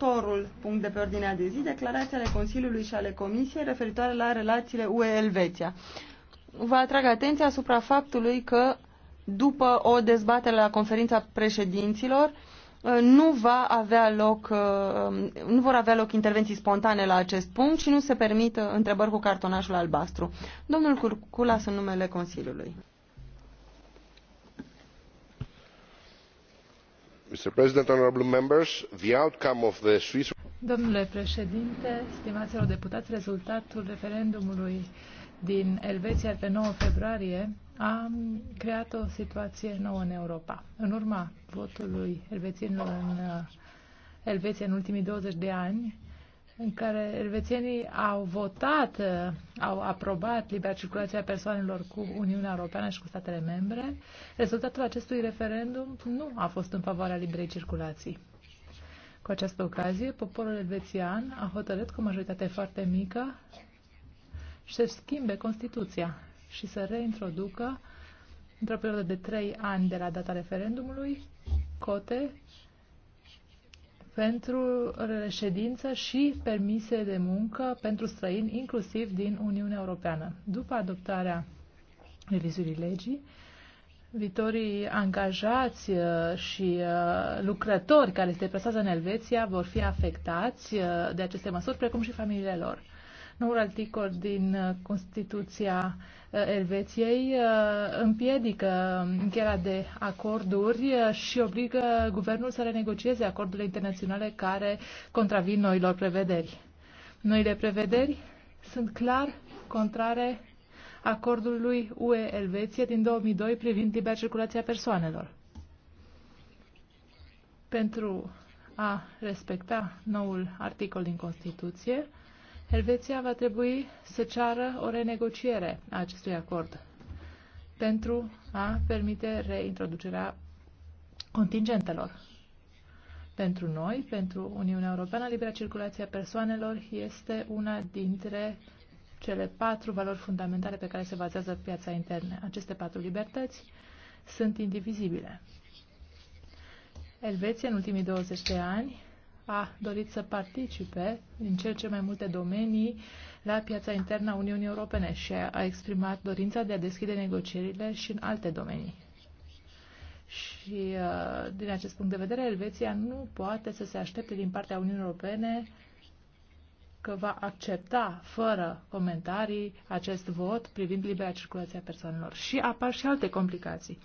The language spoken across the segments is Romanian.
Următorul punct de pe ordinea de zi, declarațiile Consiliului și ale Comisiei referitoare la relațiile UE-Elveția. Vă atrag atenția asupra faptului că după o dezbatere la conferința președinților, uh, nu, va avea loc, uh, um, nu vor avea loc intervenții spontane la acest punct și nu se permit uh, întrebări cu cartonașul albastru. Domnul Curculas în numele Consiliului. Domnule președinte, stimaților deputați, rezultatul referendumului din Elveția pe 9 februarie a creat o situație nouă în Europa. În urma votului elvețienilor în uh, Elveția în ultimii 20 de ani, în care elvețienii au votat, au aprobat libera circulație a persoanelor cu Uniunea Europeană și cu statele membre, rezultatul acestui referendum nu a fost în favoarea liberei circulații. Cu această ocazie, poporul elvețian a hotărât cu o majoritate foarte mică să schimbe Constituția și să reintroducă, într-o perioadă de trei ani de la data referendumului, cote pentru reședință și permise de muncă pentru străini, inclusiv din Uniunea Europeană. După adoptarea revizuirii legii, viitorii angajați uh, și uh, lucrători care se deplasează în Elveția vor fi afectați uh, de aceste măsuri, precum și familiile lor. Noul articol din uh, Constituția uh, Elveției uh, împiedică um, încheierea de acorduri și obligă guvernul să renegocieze acordurile internaționale care contravin noilor prevederi. Noile prevederi sunt clar contrare acordului UE-Elveție din 2002 privind libera circulație a persoanelor. Pentru a respecta noul articol din Constituție, Elveția va trebui să ceară o renegociere a acestui acord pentru a permite reintroducerea contingentelor. Pentru noi, pentru Uniunea Europeană, libera circulație a persoanelor este una dintre cele patru valori fundamentale pe care se bazează piața interne. Aceste patru libertăți sunt indivizibile. Elveția, în ultimii 20 de ani, a dorit să participe în cel ce mai multe domenii la piața internă a Uniunii Europene și a exprimat dorința de a deschide negocierile și în alte domenii. Și uh, din acest punct de vedere, Elveția nu poate să se aștepte din partea Uniunii Europene că va accepta fără comentarii acest vot privind libera circulație a persoanelor. Și apar și alte complicații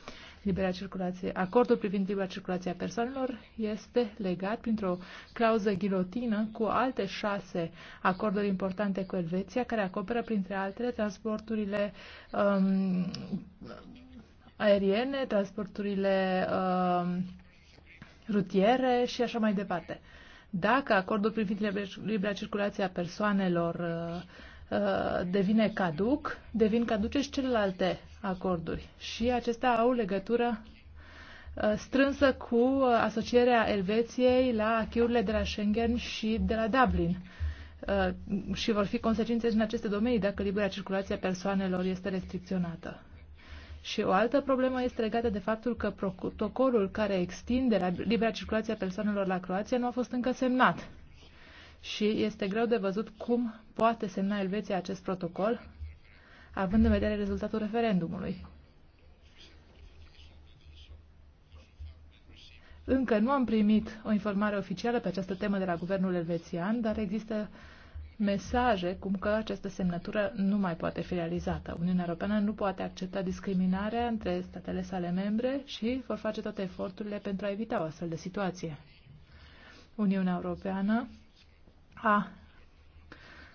libera circulație, acordul privind libera circulație a persoanelor este legat printr-o clauză ghilotină cu alte șase acorduri importante cu Elveția, care acoperă, printre altele, transporturile um, aeriene, transporturile um, rutiere și așa mai departe. Dacă acordul privind libera circulație a persoanelor uh, uh, devine caduc, devin caduce și celelalte acorduri și acestea au legătură uh, strânsă cu uh, asocierea Elveției la achiurile de la Schengen și de la Dublin uh, și vor fi consecințe în aceste domenii dacă libera circulație a persoanelor este restricționată. Și o altă problemă este legată de faptul că protocolul care extinde libera circulație a persoanelor la Croația nu a fost încă semnat. Și este greu de văzut cum poate semna Elveția acest protocol având în vedere rezultatul referendumului. Încă nu am primit o informare oficială pe această temă de la guvernul elvețian, dar există mesaje cum că această semnătură nu mai poate fi realizată. Uniunea Europeană nu poate accepta discriminarea între statele sale membre și vor face toate eforturile pentru a evita o astfel de situație. Uniunea Europeană a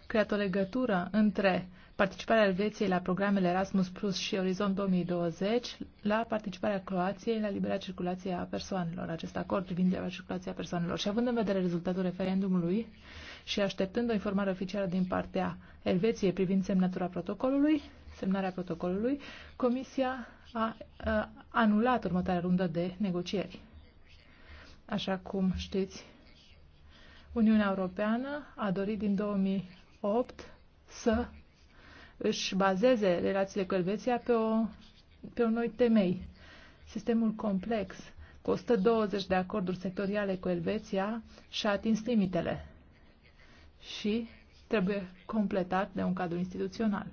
creat o legătură între participarea Elveției la programele Erasmus Plus și Orizont 2020, la participarea Croației la libera circulație a persoanelor, acest acord privind libera circulație a persoanelor. Și având în vedere rezultatul referendumului și așteptând o informare oficială din partea Elveției privind semnatura protocolului, semnarea protocolului, Comisia a, a anulat următoarea rundă de negocieri. Așa cum știți, Uniunea Europeană a dorit din 2008 să își bazeze relațiile cu Elveția pe, o, pe un noi temei. Sistemul complex cu 120 de acorduri sectoriale cu Elveția și-a atins limitele și trebuie completat de un cadru instituțional.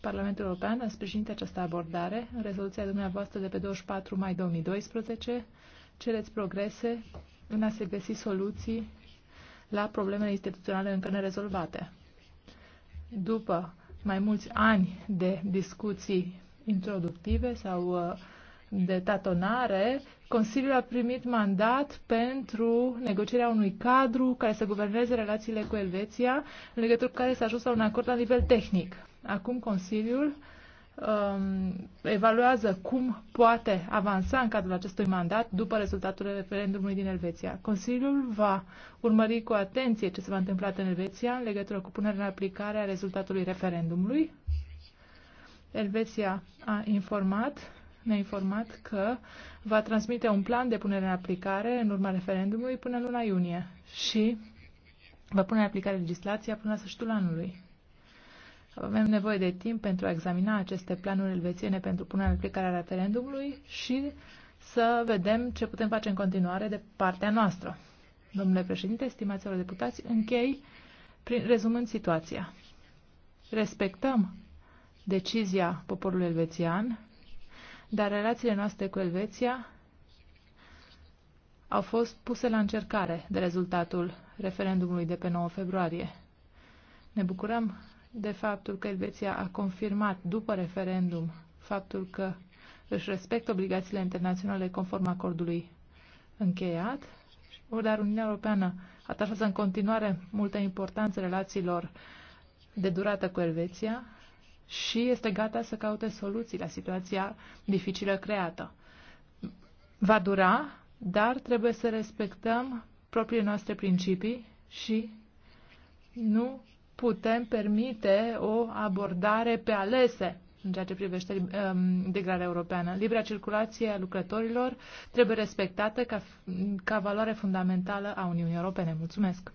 Parlamentul European a sprijinit această abordare în rezoluția dumneavoastră de pe 24 mai 2012. Cereți progrese în a se găsi soluții la problemele instituționale încă nerezolvate după mai mulți ani de discuții introductive sau uh, de tatonare, Consiliul a primit mandat pentru negocierea unui cadru care să guverneze relațiile cu Elveția, în legătură cu care s-a ajuns la un acord la nivel tehnic. Acum Consiliul Um, evaluează cum poate avansa în cadrul acestui mandat după rezultatul referendumului din Elveția. Consiliul va urmări cu atenție ce se va întâmpla în Elveția în legătură cu punerea în aplicare a rezultatului referendumului. Elveția a informat ne-a informat că va transmite un plan de punere în aplicare în urma referendumului până în luna iunie și va pune în aplicare legislația până la sfârșitul anului. Avem nevoie de timp pentru a examina aceste planuri elvețiene pentru punerea în aplicare a referendumului și să vedem ce putem face în continuare de partea noastră. Domnule președinte, stimați deputați, închei prin, rezumând situația. Respectăm decizia poporului elvețian, dar relațiile noastre cu Elveția au fost puse la încercare de rezultatul referendumului de pe 9 februarie. Ne bucurăm de faptul că Elveția a confirmat după referendum faptul că își respectă obligațiile internaționale conform acordului încheiat, dar Uniunea Europeană atașează în continuare multă importanță relațiilor de durată cu Elveția și este gata să caute soluții la situația dificilă creată. Va dura, dar trebuie să respectăm propriile noastre principii și nu putem permite o abordare pe alese în ceea ce privește um, integrarea europeană. Libera circulație a lucrătorilor trebuie respectată ca, ca valoare fundamentală a Uniunii Europene. Mulțumesc!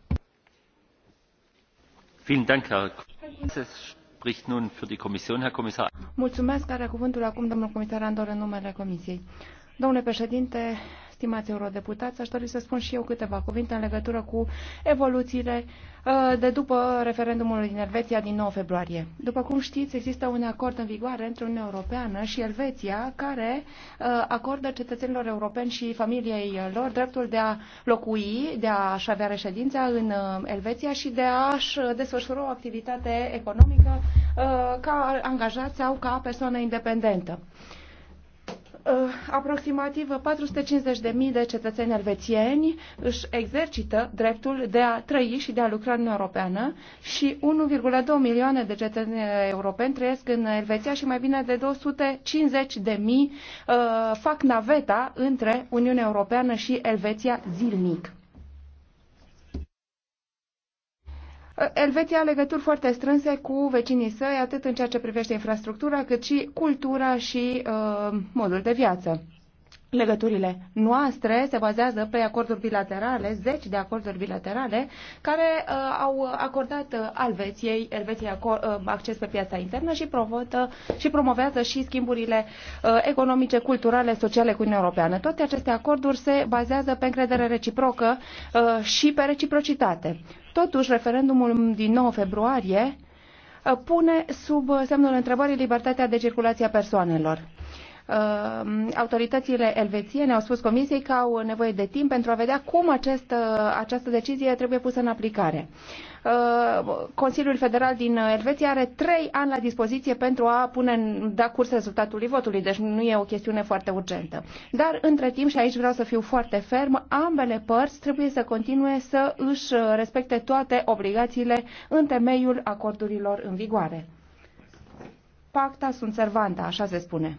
Mulțumesc, are cuvântul acum domnul comisar Andor în numele Comisiei. Domnule președinte, stimați eurodeputați, aș dori să spun și eu câteva cuvinte în legătură cu evoluțiile uh, de după referendumul din Elveția din 9 februarie. După cum știți, există un acord în vigoare între Uniunea Europeană și Elveția care uh, acordă cetățenilor europeni și familiei lor dreptul de a locui, de a-și avea reședința în uh, Elveția și de a-și desfășura o activitate economică ca angajat sau ca persoană independentă. Uh, aproximativ 450.000 de cetățeni elvețieni își exercită dreptul de a trăi și de a lucra în Europeană și 1,2 milioane de cetățeni europeni trăiesc în Elveția și mai bine de 250.000 uh, fac naveta între Uniunea Europeană și Elveția zilnic. Elveția are legături foarte strânse cu vecinii săi, atât în ceea ce privește infrastructura, cât și cultura și uh, modul de viață. Legăturile noastre se bazează pe acorduri bilaterale, zeci de acorduri bilaterale, care uh, au acordat uh, Alveției, Elveției uh, acces pe piața internă și, provotă, și promovează și schimburile uh, economice, culturale, sociale cu Uniunea Europeană. Toate aceste acorduri se bazează pe încredere reciprocă uh, și pe reciprocitate. Totuși, referendumul din 9 februarie uh, pune sub semnul întrebării libertatea de circulație a persoanelor. Uh, autoritățile elvețiene au spus Comisiei că au nevoie de timp pentru a vedea cum acest, uh, această decizie trebuie pusă în aplicare. Uh, Consiliul Federal din Elveția are trei ani la dispoziție pentru a pune, da curs rezultatului votului, deci nu e o chestiune foarte urgentă. Dar, între timp, și aici vreau să fiu foarte ferm, ambele părți trebuie să continue să își respecte toate obligațiile în temeiul acordurilor în vigoare. Pacta sunt servanta, așa se spune.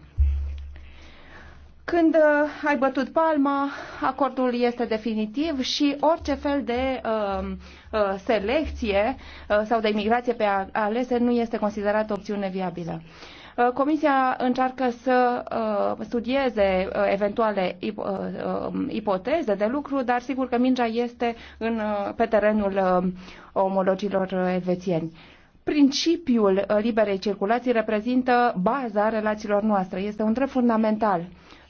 Când uh, ai bătut palma, acordul este definitiv și orice fel de uh, uh, selecție uh, sau de imigrație pe alese nu este considerată opțiune viabilă. Uh, comisia încearcă să uh, studieze uh, eventuale ip uh, um, ipoteze de lucru, dar sigur că mingea este în, pe terenul omologilor elvețieni principiul liberei circulații reprezintă baza relațiilor noastre, este un drept fundamental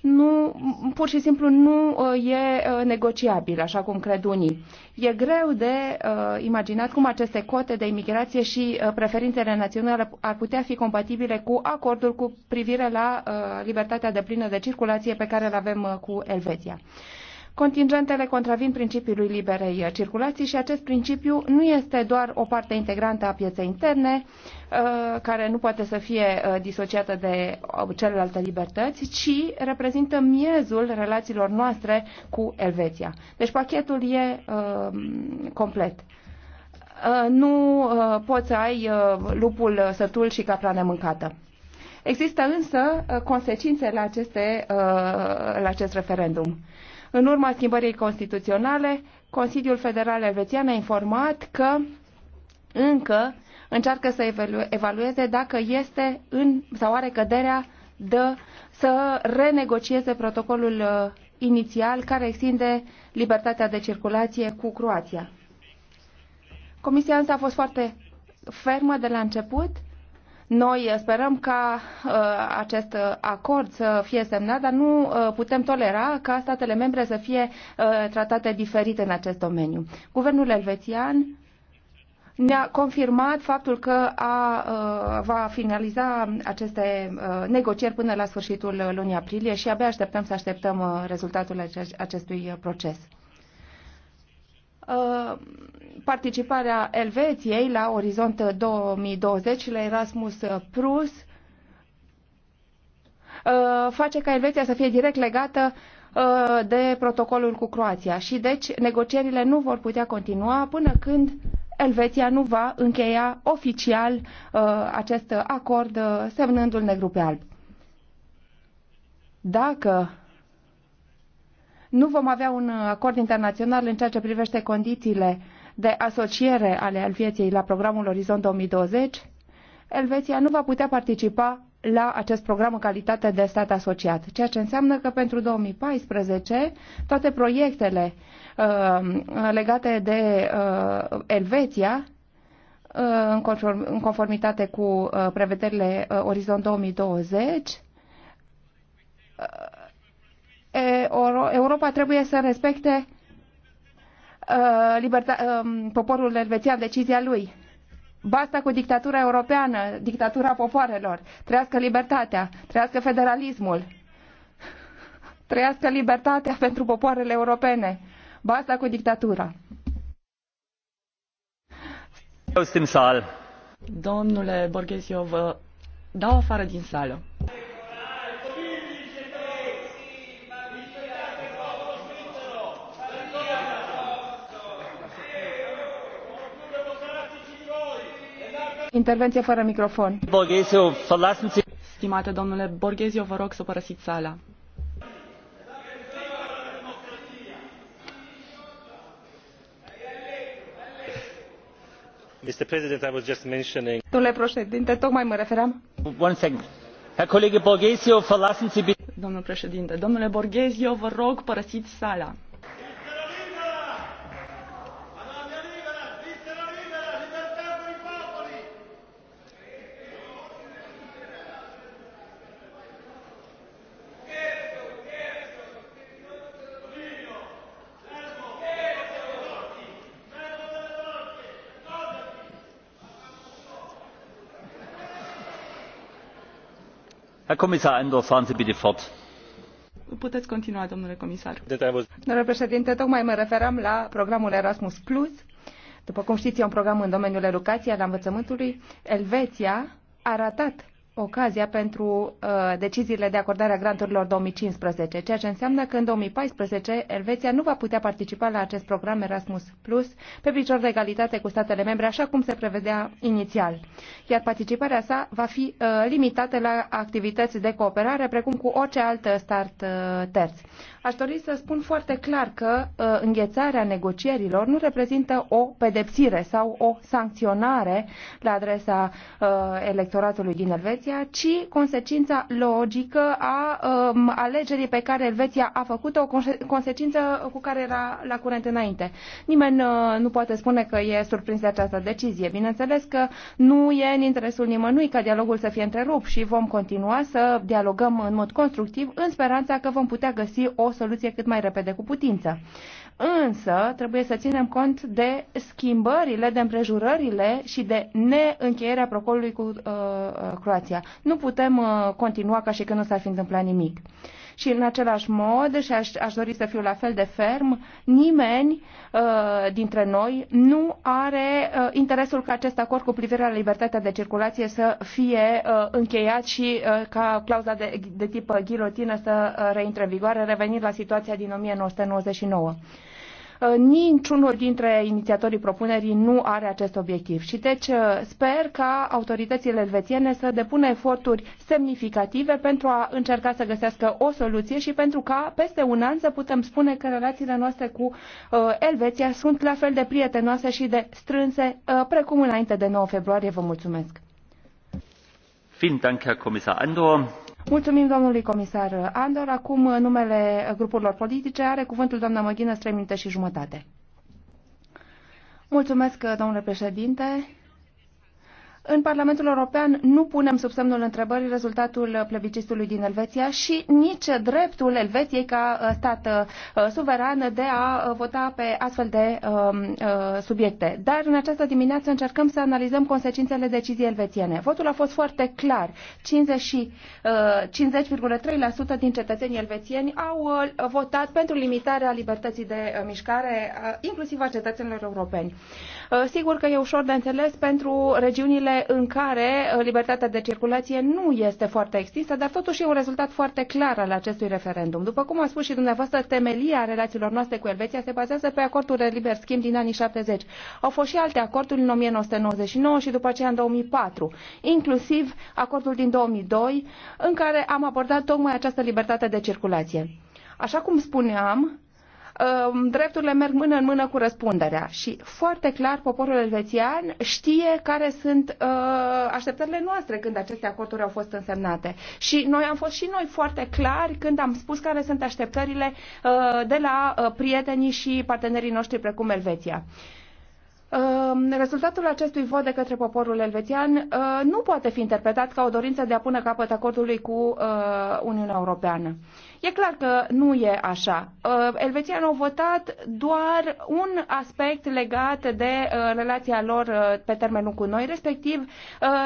nu, pur și simplu nu uh, e uh, negociabil, așa cum cred unii. E greu de uh, imaginat cum aceste cote de imigrație și uh, preferințele naționale ar putea fi compatibile cu acordul cu privire la uh, libertatea de plină de circulație pe care îl avem uh, cu Elveția. Uh, Contingentele contravin principiului liberei circulații și acest principiu nu este doar o parte integrantă a pieței interne, uh, care nu poate să fie uh, disociată de uh, celelalte libertăți, ci reprezintă miezul relațiilor noastre cu Elveția. Deci pachetul e um, complet nu poți să ai lupul sătul și capra nemâncată. Există însă consecințe la, aceste, la acest referendum. În urma schimbării constituționale, Consiliul Federal Elvețian a informat că încă încearcă să evalueze dacă este în, sau are căderea de să renegocieze protocolul uh, inițial care extinde libertatea de circulație cu Croația. Comisia însă a fost foarte fermă de la început noi sperăm ca uh, acest acord să fie semnat, dar nu uh, putem tolera ca statele membre să fie uh, tratate diferit în acest domeniu. Guvernul elvețian ne-a confirmat faptul că a, uh, va finaliza aceste uh, negocieri până la sfârșitul lunii aprilie și abia așteptăm să așteptăm uh, rezultatul acestui proces participarea Elveției la Orizont 2020 la Erasmus Plus uh, face ca Elveția să fie direct legată uh, de protocolul cu Croația și deci negocierile nu vor putea continua până când Elveția nu va încheia oficial uh, acest acord semnându-l negru pe alb. Dacă nu vom avea un acord internațional în ceea ce privește condițiile de asociere ale Elveției la programul Orizont 2020, Elveția nu va putea participa la acest program în calitate de stat asociat, ceea ce înseamnă că pentru 2014 toate proiectele uh, legate de uh, Elveția uh, în, conformitate cu uh, prevederile uh, Orizont 2020, uh, Europa trebuie să respecte Uh, liberta, um, poporul elvețian decizia lui. Basta cu dictatura europeană, dictatura popoarelor. Trăiască libertatea, trăiască federalismul. Trăiască libertatea pentru popoarele europene. Basta cu dictatura. Domnule Borghesio, vă dau afară din sală. Intervenție fără microfon. Borghezio, Stimate domnule Borghezio, vă rog să părăsiți sala. Mr. President, I was just mentioning... Domnule președinte, tocmai mă refeream. One second. Herr Kollege Borghezio, verlassen Sie bitte. Domnul președinte, domnule Borghezio, vă rog, părăsiți sala. Puteți continua, domnule comisar. Domnule președinte, tocmai mă referam la programul Erasmus+. Plus. După cum știți, e un program în domeniul educației, al învățământului. Elveția a ratat ocazia pentru uh, deciziile de acordare a granturilor 2015, ceea ce înseamnă că în 2014 Elveția nu va putea participa la acest program Erasmus Plus pe picior de egalitate cu statele membre, așa cum se prevedea inițial. Iar participarea sa va fi uh, limitată la activități de cooperare, precum cu orice altă uh, start uh, terț. Aș dori să spun foarte clar că uh, înghețarea negocierilor nu reprezintă o pedepsire sau o sancționare la adresa uh, electoratului din Elveția, Elveția, ci consecința logică a um, alegerii pe care Elveția a făcut-o, o consecință cu care era la curent înainte. Nimeni uh, nu poate spune că e surprins de această decizie. Bineînțeles că nu e în interesul nimănui ca dialogul să fie întrerupt și vom continua să dialogăm în mod constructiv în speranța că vom putea găsi o soluție cât mai repede cu putință însă trebuie să ținem cont de schimbările, de împrejurările și de neîncheierea procolului cu uh, uh, Croația. Nu putem uh, continua ca și când nu s-ar fi întâmplat nimic. Uh, și în același mod, și aș, aș dori să fiu la fel de ferm, nimeni uh, dintre noi nu are uh, interesul ca acest acord cu privire la libertatea de circulație să fie uh, încheiat și uh, ca clauza de, de tip ghilotină să uh, reintre în vigoare, revenind la situația din 1999 niciunul dintre inițiatorii propunerii nu are acest obiectiv. Și deci uh, sper ca autoritățile elvețiene să depună eforturi semnificative pentru a încerca să găsească o soluție și pentru ca peste un an să putem spune că relațiile noastre cu uh, Elveția sunt la fel de prietenoase și de strânse uh, precum înainte de 9 februarie. Vă mulțumesc! Vielen Dank, Herr Kommissar Andor. Mulțumim domnului comisar Andor. Acum numele grupurilor politice are cuvântul doamna Măghină, 3 minute și jumătate. Mulțumesc, domnule președinte. În Parlamentul European nu punem sub semnul întrebării rezultatul plebiscitului din Elveția și nici dreptul Elveției ca uh, stat uh, suveran de a uh, vota pe astfel de um, subiecte. Dar în această dimineață încercăm să analizăm consecințele deciziei elvețiene. Votul a fost foarte clar. 50,3% 50 din cetățenii elvețieni au votat pentru limitarea libertății de mișcare, inclusiv a cetățenilor europeni. Uh, sigur că e ușor de înțeles pentru regiunile în care uh, libertatea de circulație nu este foarte extinsă, dar totuși e un rezultat foarte clar al acestui referendum. După cum a spus și dumneavoastră, temelia relațiilor noastre cu Elveția se bazează pe acordul de liber schimb din anii 70. Au fost și alte acorduri în 1999 și după aceea în 2004, inclusiv acordul din 2002, în care am abordat tocmai această libertate de circulație. Așa cum spuneam, Um, drepturile merg mână în mână cu răspunderea și foarte clar poporul elvețian știe care sunt uh, așteptările noastre când aceste acorduri au fost însemnate. Și noi am fost și noi foarte clari când am spus care sunt așteptările uh, de la uh, prietenii și partenerii noștri precum Elveția. Um, rezultatul acestui vot de către poporul elvețian nu poate fi interpretat ca o dorință de a pune capăt acordului cu Uniunea Europeană. E clar că nu e așa. Uh, elveția nu a votat doar un aspect legat de uh, relația lor uh, pe termen lung cu noi, respectiv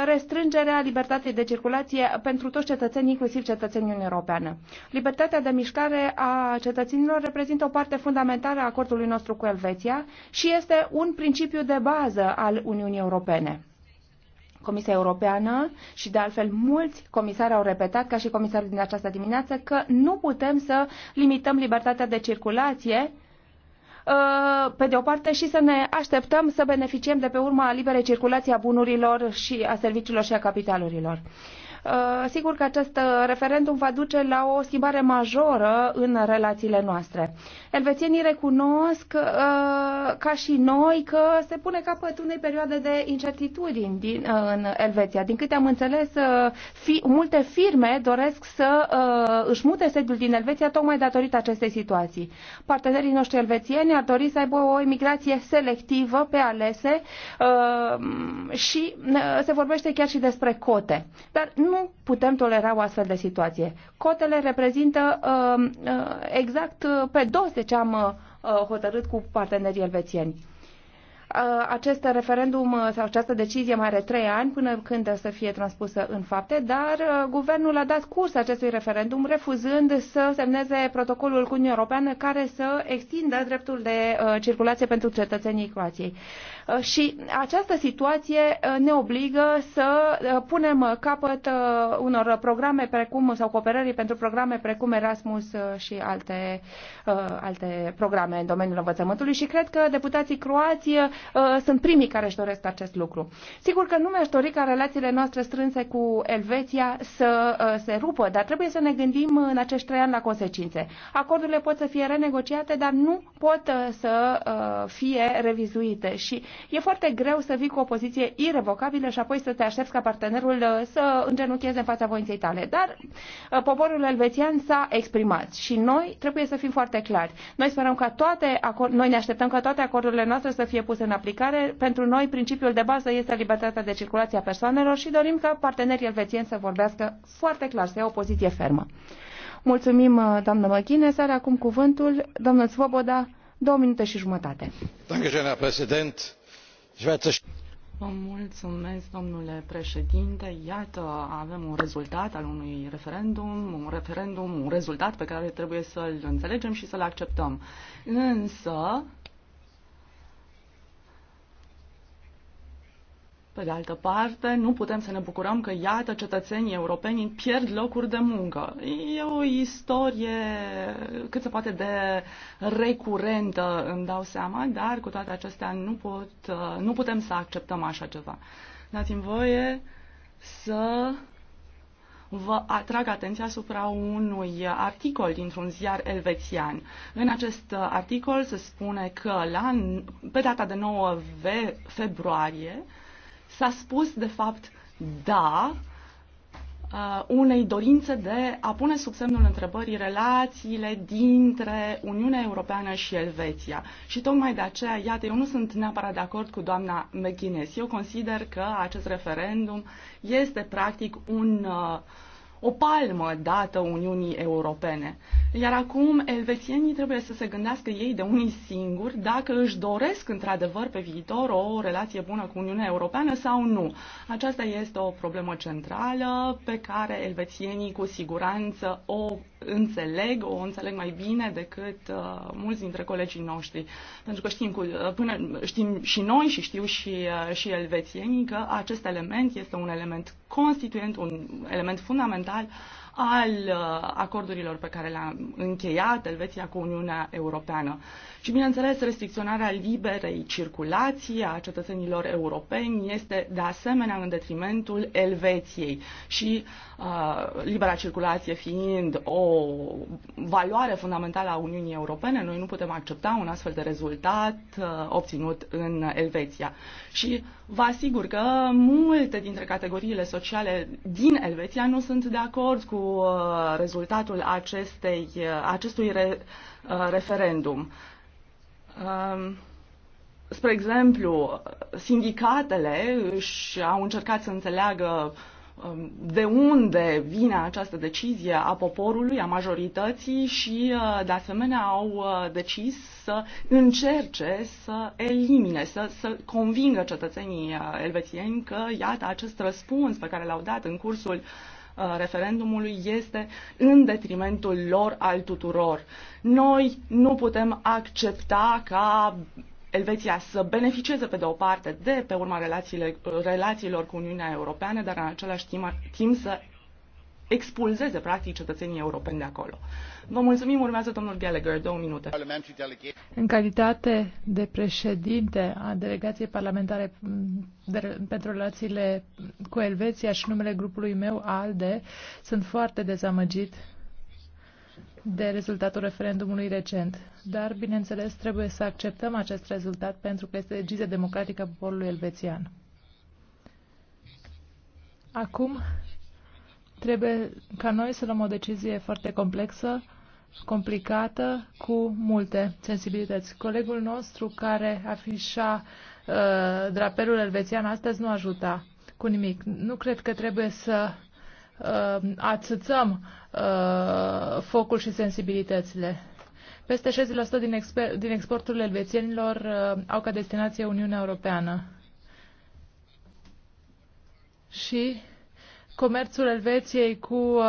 restrângerea libertății de circulație pentru toți cetățenii, inclusiv cetățenii Uniunii Europeană. Libertatea de mișcare a cetățenilor reprezintă o parte fundamentală a acordului nostru cu Elveția și este un principiu de bază al Uniunii Europene. Comisia Europeană și de altfel mulți comisari au repetat, ca și comisarul din această dimineață, că nu putem să limităm libertatea de circulație uh, pe de o parte și să ne așteptăm să beneficiem de pe urma liberei circulații a bunurilor și a serviciilor și a capitalurilor. Uh, sigur că acest uh, referendum va duce la o schimbare majoră în relațiile noastre. Elvețienii recunosc uh, ca și noi că se pune capăt unei perioade de incertitudini din, în Elveția. Din câte am înțeles, fi, multe firme doresc să își mute sediul din Elveția tocmai datorită acestei situații. Partenerii noștri elvețieni ar dori să aibă o imigrație selectivă pe alese și se vorbește chiar și despre cote. Dar nu nu putem tolera o astfel de situație. Cotele reprezintă uh, uh exact uh, pe dos de ce am uh, uh hotărât cu partenerii elvețieni. Acest referendum sau această decizie mai are trei ani până când să fie transpusă în fapte, dar guvernul a dat curs acestui referendum refuzând să semneze protocolul cu Uniunea Europeană care să extindă dreptul de circulație pentru cetățenii Croației. Uh, și această situație uh, ne obligă să uh, punem capăt unor programe precum sau cooperării pentru programe precum Erasmus și alte, alte programe în domeniul învățământului și cred că deputații croați sunt primii care își doresc acest lucru. Sigur că nu mi-aș dori ca relațiile noastre strânse cu Elveția să se rupă, dar trebuie să ne gândim în acești trei ani la consecințe. Acordurile pot să fie renegociate, dar nu pot să fie revizuite și E foarte greu să vii cu o poziție irrevocabilă și apoi să te aștepți ca partenerul uh, să îngenuncheze în fața voinței tale. Dar uh, poporul elvețian s-a exprimat și noi trebuie să fim foarte clari. Noi sperăm ca toate acord, noi ne așteptăm ca toate acordurile noastre să fie puse în aplicare. Pentru noi principiul de bază este libertatea de circulație a persoanelor și dorim ca partenerii elvețieni să vorbească foarte clar, să ia o poziție fermă. Mulțumim, uh, doamnă Măchine. Să are acum cuvântul domnul Svoboda, două minute și jumătate. președinte mulțumesc, domnule președinte. Iată, avem un rezultat al unui referendum, un referendum, un rezultat pe care trebuie să-l înțelegem și să-l acceptăm. Însă, Pe de altă parte, nu putem să ne bucurăm că, iată, cetățenii europeni pierd locuri de muncă. E o istorie cât se poate de recurentă, îmi dau seama, dar cu toate acestea nu, pot, nu putem să acceptăm așa ceva. Dați-mi voie să vă atrag atenția asupra unui articol dintr-un ziar elvețian. În acest articol se spune că la, pe data de 9 februarie, S-a spus, de fapt, da uh, unei dorințe de a pune sub semnul întrebării relațiile dintre Uniunea Europeană și Elveția. Și tocmai de aceea, iată, eu nu sunt neapărat de acord cu doamna McGuinness. Eu consider că acest referendum este practic un uh, o palmă dată Uniunii Europene. Iar acum elvețienii trebuie să se gândească ei de unii singuri dacă își doresc într-adevăr pe viitor o relație bună cu Uniunea Europeană sau nu. Aceasta este o problemă centrală pe care elvețienii cu siguranță o înțeleg, o înțeleg mai bine decât uh, mulți dintre colegii noștri. Pentru că știm, cu, uh, până, știm și noi și știu și, uh, și elvețienii că acest element este un element constituent, un element fundamental al uh, acordurilor pe care le-a încheiat Elveția cu Uniunea Europeană. Și, bineînțeles, restricționarea liberei circulații a cetățenilor europeni este, de asemenea, în detrimentul Elveției și uh, libera circulație fiind o valoare fundamentală a Uniunii Europene, noi nu putem accepta un astfel de rezultat uh, obținut în Elveția. Și vă asigur că multe dintre categoriile sociale din Elveția nu sunt de acord cu cu uh, rezultatul acestei, uh, acestui re, uh, referendum. Um, spre exemplu, sindicatele își au încercat să înțeleagă um, de unde vine această decizie a poporului, a majorității și, de asemenea, au decis să încerce să elimine, să, să convingă cetățenii elvețieni că, iată, acest răspuns pe care l-au dat în cursul uh, Uh, referendumului este în detrimentul lor al tuturor. Noi nu putem accepta ca Elveția să beneficieze pe de o parte de pe urma relațiilor cu Uniunea Europeană, dar în același timp, timp să expulzeze, practic, cetățenii europeni de acolo. Vă mulțumim, urmează domnul Gallagher, două minute. În calitate de președinte a delegației parlamentare de, pentru relațiile cu Elveția și numele grupului meu, ALDE, sunt foarte dezamăgit de rezultatul referendumului recent. Dar, bineînțeles, trebuie să acceptăm acest rezultat pentru că este decizie democratică a poporului elvețian. Acum Trebuie ca noi să luăm o decizie foarte complexă, complicată, cu multe sensibilități. Colegul nostru care afișa uh, drapelul elvețian astăzi nu ajuta cu nimic. Nu cred că trebuie să uh, ațățăm uh, focul și sensibilitățile. Peste 60% din, exper- din exporturile elvețienilor uh, au ca destinație Uniunea Europeană. Și Comerțul Elveției cu uh,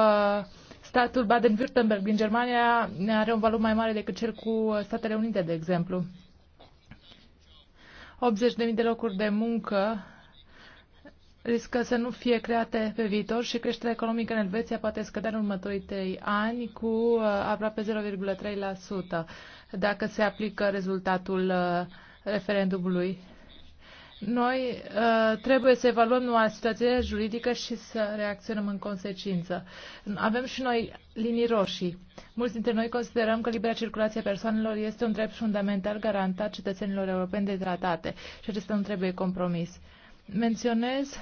statul Baden-Württemberg din Germania are un valor mai mare decât cel cu uh, Statele Unite, de exemplu. 80.000 de locuri de muncă riscă să nu fie create pe viitor și creșterea economică în Elveția poate scădea în următorii trei ani cu uh, aproape 0,3% dacă se aplică rezultatul referendumului noi uh, trebuie să evaluăm noua situație juridică și să reacționăm în consecință. Avem și noi linii roșii. Mulți dintre noi considerăm că libera circulație a persoanelor este un drept fundamental garantat cetățenilor europeni de tratate și acesta nu trebuie compromis. Menționez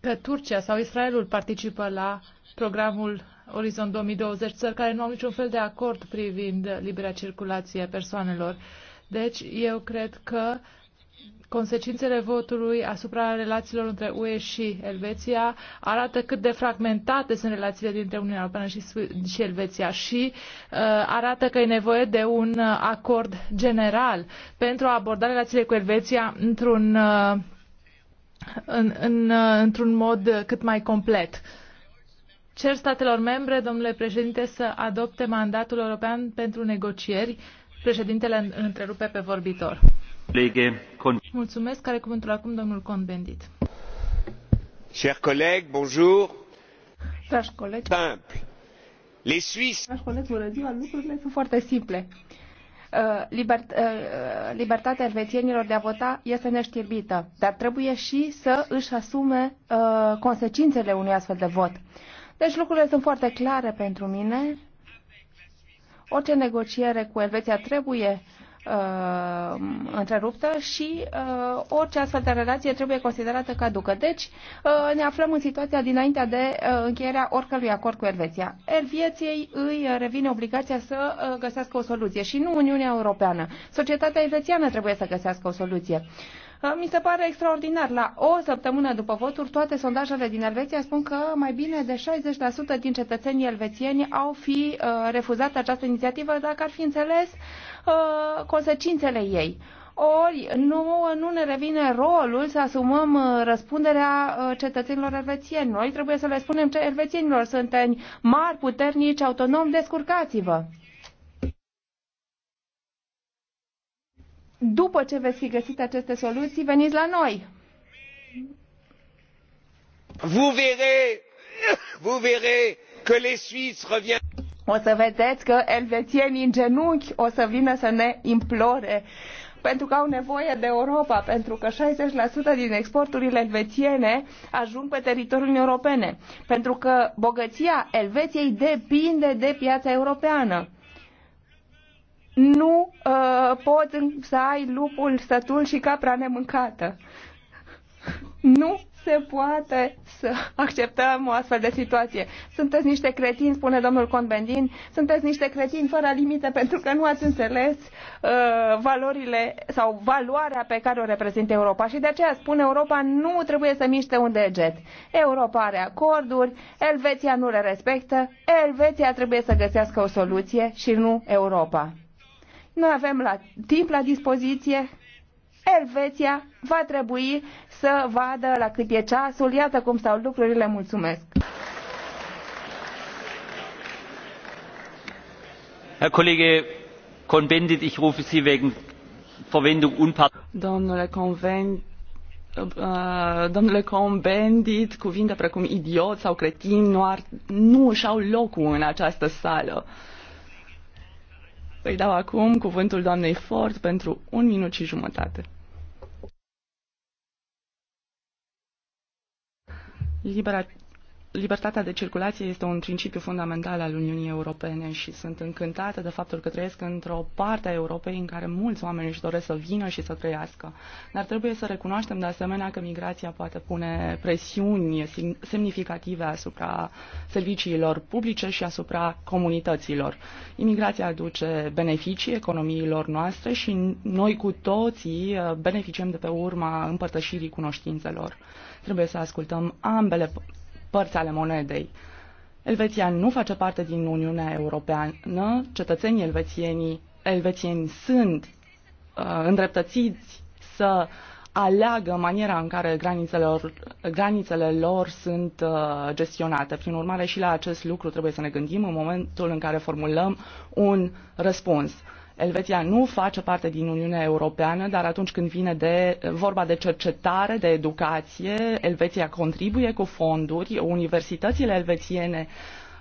că Turcia sau Israelul participă la programul Orizont 2020, țări care nu au niciun fel de acord privind libera circulație a persoanelor. Uh, deci, eu cred că consecințele votului asupra relațiilor între UE și Elveția arată cât de fragmentate sunt relațiile dintre Uniunea Europeană și, și Elveția și uh, arată că e nevoie de un uh, acord general pentru a aborda relațiile cu Elveția într-un uh, în, în, uh, într mod cât mai complet. Cer statelor membre, domnule președinte, să adopte mandatul european pentru negocieri Președintele întrerupe pe vorbitor. Mulțumesc. Care cuvântul acum domnul Con Bendit. Chers collègues, bonjour. Dragi colegi. Simple. Les Suisses. Dragi colegi, bună ziua. Lucrurile sunt foarte simple. Uh, libert, uh, libertatea elvețienilor de a vota este neștirbită, dar trebuie și să își asume uh, consecințele unui astfel de vot. Deci lucrurile sunt foarte clare pentru mine. Orice negociere cu Elveția trebuie uh, întreruptă și uh, orice astfel de relație trebuie considerată caducă. Deci uh, ne aflăm în situația dinaintea de uh, încheierea oricărui acord cu Elveția. Elveției îi revine obligația să uh, găsească o soluție și nu Uniunea Europeană. Societatea elvețiană trebuie să găsească o soluție. Uh, Uh, mi se pare extraordinar. La o săptămână după voturi, toate sondajele din Elveția spun că mai bine de 60% din cetățenii elvețieni au fi uh, refuzat această inițiativă dacă ar fi înțeles uh, consecințele ei. Ori nu, nu ne revine rolul să asumăm răspunderea cetățenilor elvețieni. Noi trebuie să le spunem ce elvețienilor suntem mari, puternici, autonomi, descurcați-vă. după ce veți fi găsit aceste soluții, veniți la noi. Vous verrez, vous verrez que les Suisses O să vedeți că elvețienii în genunchi o să vină să ne implore pentru că au nevoie de Europa, pentru că 60% din exporturile elvețiene ajung pe teritoriul europene, pentru că bogăția Elveției depinde de piața europeană nu uh, poți să ai lupul sătul și capra nemâncată. Nu se poate să acceptăm o astfel de situație. Sunteți niște cretini, spune domnul Conbendin, sunteți niște cretini fără limite pentru că nu ați înțeles uh, valorile sau valoarea pe care o reprezintă Europa. Și de aceea spun Europa nu trebuie să miște un deget. Europa are acorduri, Elveția nu le respectă, Elveția trebuie să găsească o soluție și nu Europa. Noi avem la timp la dispoziție. Elveția va trebui să vadă la cât e ceasul. Iată cum stau lucrurile. Mulțumesc. Herr Kollege Convendit, ich rufe Sie wegen Verwendung Domnule Convendit, uh, domnule cohn cuvinte precum idiot sau cretin nu, ar, nu își au locul în această sală. Îi dau acum cuvântul doamnei Ford pentru un minut și jumătate. Libera libertatea de circulație este un principiu fundamental al Uniunii Europene și sunt încântată de faptul că trăiesc într-o parte a Europei în care mulți oameni își doresc să vină și să trăiască. Dar trebuie să recunoaștem de asemenea că migrația poate pune presiuni semnificative asupra serviciilor publice și asupra comunităților. Imigrația aduce beneficii economiilor noastre și noi cu toții uh, beneficiem de pe urma împărtășirii cunoștințelor. Trebuie să ascultăm ambele părți ale monedei. Elveția nu face parte din Uniunea Europeană, cetățenii elvețienii, elvețieni sunt uh, îndreptățiți să aleagă maniera în care granițele lor, granițele lor sunt uh, gestionate. Prin urmare, și la acest lucru trebuie să ne gândim în momentul în care formulăm un răspuns. Uh, Elveția nu face parte din Uniunea Europeană, dar atunci când vine de vorba de cercetare, de educație, Elveția contribuie cu fonduri, universitățile elvețiene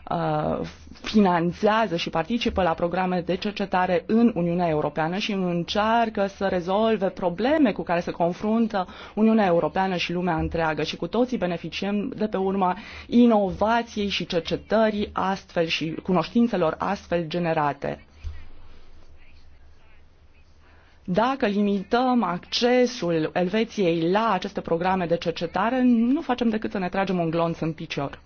uh, finanțează și participă la programe de cercetare în Uniunea Europeană și încearcă să rezolve probleme cu care se confruntă Uniunea Europeană și lumea întreagă și cu toții beneficiem de pe urma inovației și cercetării astfel și cunoștințelor astfel generate. Dacă limităm accesul Elveției la aceste programe de cercetare, nu facem decât să ne tragem un glonț în picior.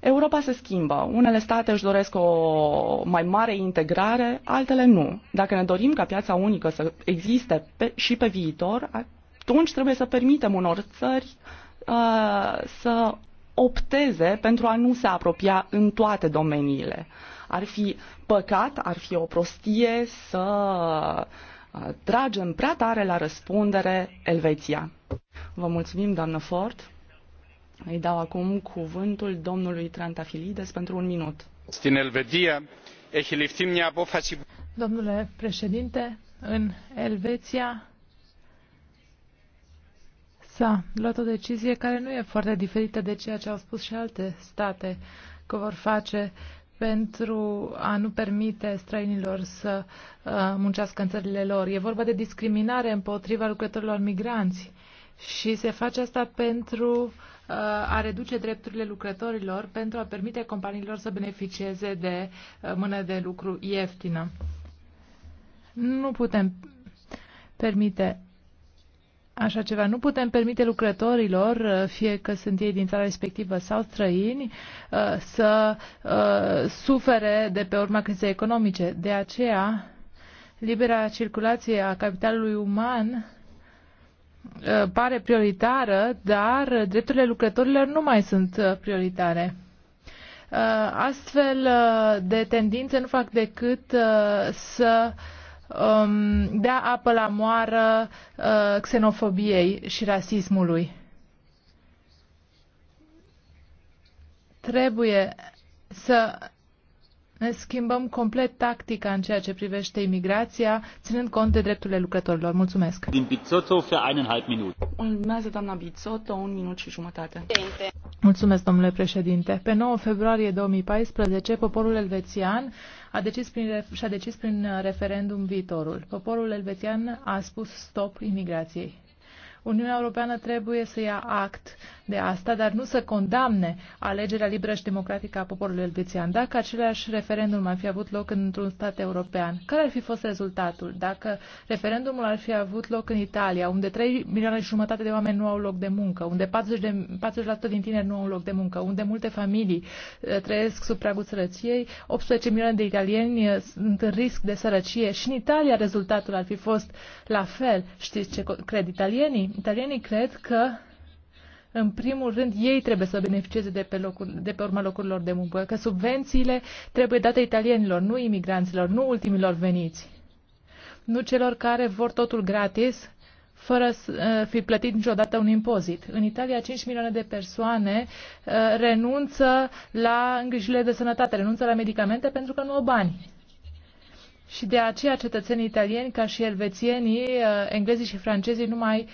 Europa se schimbă. Unele state își doresc o mai mare integrare, altele nu. Dacă ne dorim ca piața unică să existe pe, și pe viitor, atunci trebuie să permitem unor țări uh, să opteze pentru a nu se apropia în toate domeniile. Ar fi păcat, ar fi o prostie să uh, tragem prea tare la răspundere Elveția. Vă mulțumim, doamnă Ford. Îi dau acum cuvântul domnului Trantafilides pentru un minut. Din Elveția, έχει ληφθεί μια Domnule președinte, în Elveția S-a luat o decizie care nu e foarte diferită de ceea ce au spus și alte state că vor face pentru a nu permite străinilor să uh, muncească în țările lor. E vorba de discriminare împotriva lucrătorilor migranți și se face asta pentru uh, a reduce drepturile lucrătorilor, pentru a permite companiilor să beneficieze de uh, mână de lucru ieftină. Nu putem permite așa ceva. Nu putem permite lucrătorilor, uh, fie că sunt ei din țara respectivă sau străini, uh, să uh, sufere de pe urma crizei economice. De aceea, libera circulație a capitalului uman pare prioritară, dar drepturile lucrătorilor nu mai sunt prioritare. Astfel de tendințe nu fac decât să uh, um, dea apă la moară uh, xenofobiei și rasismului. Trebuie să ne schimbăm complet tactica în ceea ce privește imigrația, ținând cont de drepturile lucrătorilor. Mulțumesc. Din Bizzotto, für eineinhalb minut. Urmează doamna Bizzotto, un minut și jumătate. Mulțumesc, domnule președinte. Pe 9 februarie 2014, poporul elvețian a decis prin, și-a decis prin uh, referendum viitorul. Poporul elvețian a spus stop imigrației. Uniunea Europeană trebuie să ia act de asta, dar nu să condamne alegerea liberă și democratică a poporului elvețian. Dacă același referendum ar fi avut loc într-un stat european, care ar fi fost rezultatul? Dacă referendumul ar fi avut loc în Italia, unde 3 milioane și jumătate de oameni nu au loc de muncă, unde 40%, de, 40 din tineri nu au loc de muncă, unde multe familii uh, trăiesc sub pragul sărăciei, 18 milioane de italieni uh, sunt în risc de sărăcie și în Italia rezultatul ar fi fost la fel. Știți ce cred italienii? Italienii cred că în primul rând, ei trebuie să beneficieze de pe, locuri, de pe urma locurilor de muncă, că subvențiile trebuie date italienilor, nu imigranților, nu ultimilor veniți, nu celor care vor totul gratis, fără să uh, fi plătit niciodată un impozit. În Italia, 5 milioane de persoane uh, renunță la îngrijirile de sănătate, renunță la medicamente pentru că nu au bani. Și de aceea cetățenii italieni, ca și elvețienii, uh, englezii și francezii nu mai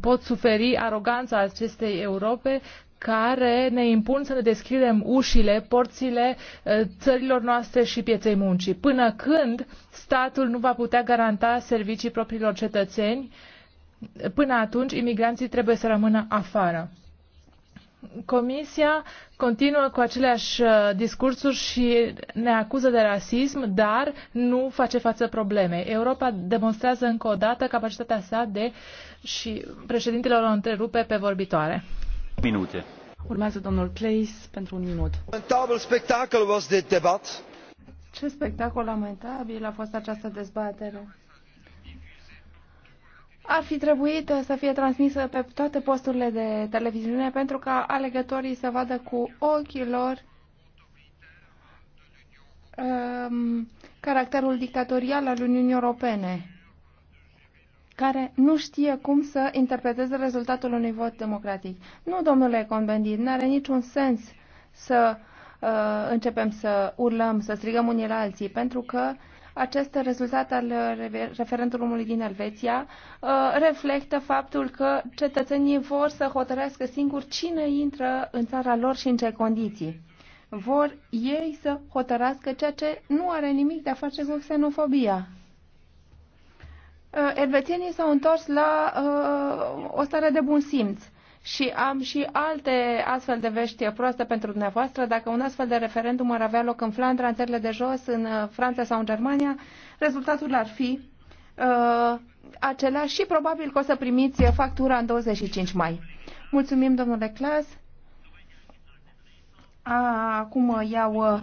pot suferi aroganța acestei Europe care ne impun să ne deschidem ușile, porțile uh, țărilor noastre și pieței muncii, până când statul nu va putea garanta servicii propriilor cetățeni, până atunci imigranții trebuie să rămână afară. Comisia continuă cu aceleași uh, discursuri și ne acuză de rasism, dar nu face față problemei. Europa demonstrează încă o dată capacitatea sa de și președintele o întrerupe pe vorbitoare. Minute. Urmează domnul Place pentru un minut. Lamentabil spectacol was de debat. Ce spectacol lamentabil a fost această dezbatere ar fi trebuit uh, să fie transmisă pe toate posturile de televiziune pentru ca alegătorii să vadă cu ochii lor um, caracterul dictatorial al Uniunii Europene, care nu știe cum să interpreteze rezultatul unui vot democratic. Nu, domnule Convendit, nu are niciun sens să uh, începem să urlăm, să strigăm unii la alții, pentru că uh, acest rezultat al referendumului din Elveția uh, reflectă faptul că cetățenii vor să hotărească singur cine intră în țara lor și în ce condiții. Vor ei să hotărască ceea ce nu are nimic de a face cu xenofobia. Uh, elvețienii s-au întors la uh, o stare de bun simț. Uh, și am și alte astfel de vești proaste pentru dumneavoastră. Dacă un astfel de referendum ar avea loc în Flandra, în țările de jos, în uh, Franța sau în Germania, rezultatul ar fi uh, același și probabil că o să primiți factura în 25 mai. Mulțumim, domnule Clas. Acum iau uh,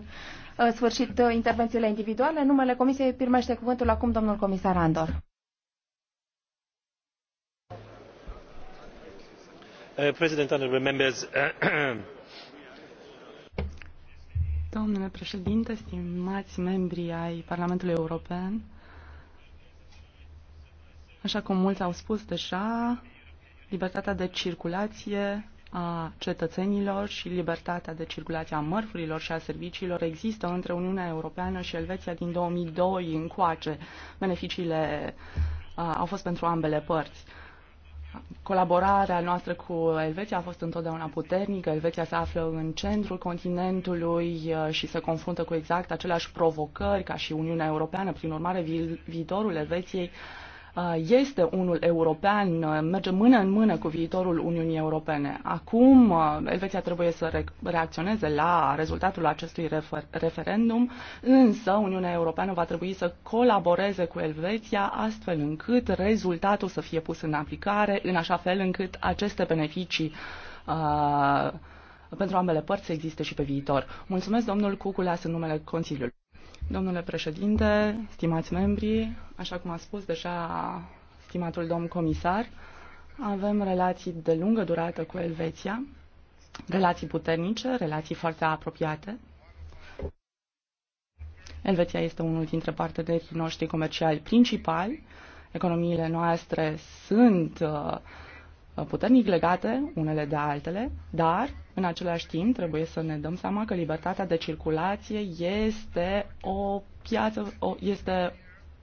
sfârșit uh, intervențiile individuale. Numele Comisiei primește cuvântul acum domnul comisar Andor. Uh, uh, domnule președinte stimați membri ai parlamentului european așa cum mulți au spus deja libertatea de circulație a cetățenilor și libertatea de circulație a mărfurilor și a serviciilor există între Uniunea Europeană și Elveția din 2002 încoace. Beneficiile uh, au fost pentru ambele părți. Colaborarea noastră cu Elveția a fost întotdeauna puternică. Elveția se află în centrul continentului uh, și se confruntă cu exact aceleași provocări ca și Uniunea Europeană. Prin urmare, viitorul Elveției Uh, este unul european, uh, merge mână în mână cu viitorul Uniunii Europene. Acum, uh, Elveția trebuie să reacționeze la rezultatul acestui refer- referendum, însă Uniunea Europeană va trebui să colaboreze cu Elveția astfel încât rezultatul să fie pus în aplicare, în așa fel încât aceste beneficii uh, pentru ambele părți să existe și pe viitor. Mulțumesc, domnul Cuculeas, în numele Consiliului. Domnule președinte, stimați membri, așa cum a spus deja stimatul domn comisar, avem relații de lungă durată cu Elveția, relații puternice, relații foarte apropiate. Elveția este unul dintre partenerii noștri comerciali principali. Economiile noastre sunt uh, puternic legate unele de altele, dar în același timp, trebuie să ne dăm seama că libertatea de circulație este o piață, o, este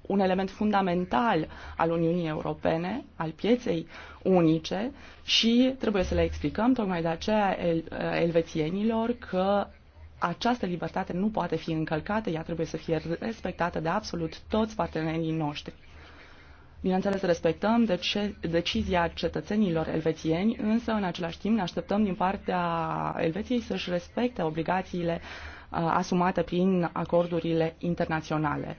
un element fundamental al Uniunii Europene, al pieței unice și trebuie să le explicăm tocmai de aceea el, elvețienilor că această libertate nu poate fi încălcată, ea trebuie să fie respectată de absolut toți partenerii noștri. Bineînțeles, respectăm deci, decizia cetățenilor elvețieni, însă în același timp ne așteptăm din partea Elveției să-și respecte obligațiile uh, asumate prin acordurile internaționale.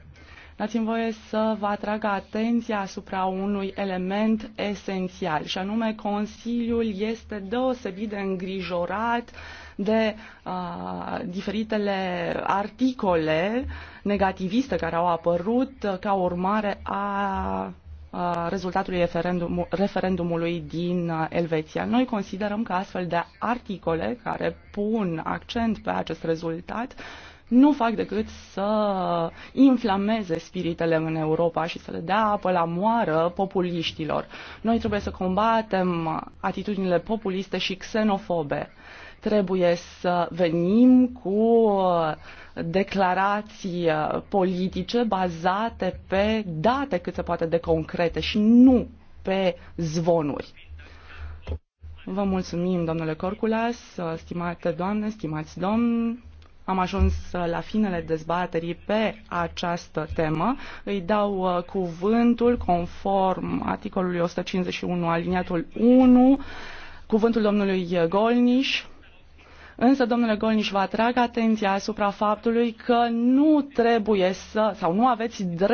Dați-mi voie să vă atrag atenția asupra unui element esențial, și anume Consiliul este deosebit de îngrijorat de uh, diferitele articole negativiste care au apărut ca urmare a rezultatului referendum, referendumului din uh, Elveția. Noi considerăm că astfel de articole care pun accent pe acest rezultat nu fac decât să inflameze spiritele în Europa și să le dea apă la moară populiștilor. Noi trebuie să combatem atitudinile populiste și xenofobe Trebuie să venim cu uh, declarații uh, politice bazate pe date cât se poate de concrete și nu pe zvonuri. Vă mulțumim, domnule Corculas, uh, stimate doamne, stimați domni. Am ajuns la finele dezbaterii pe această temă. Îi dau cuvântul conform articolului 151 aliniatul 1, cuvântul domnului Golniș Însă, domnule Golniș, vă atrag atenția asupra faptului că nu trebuie să, sau nu aveți drept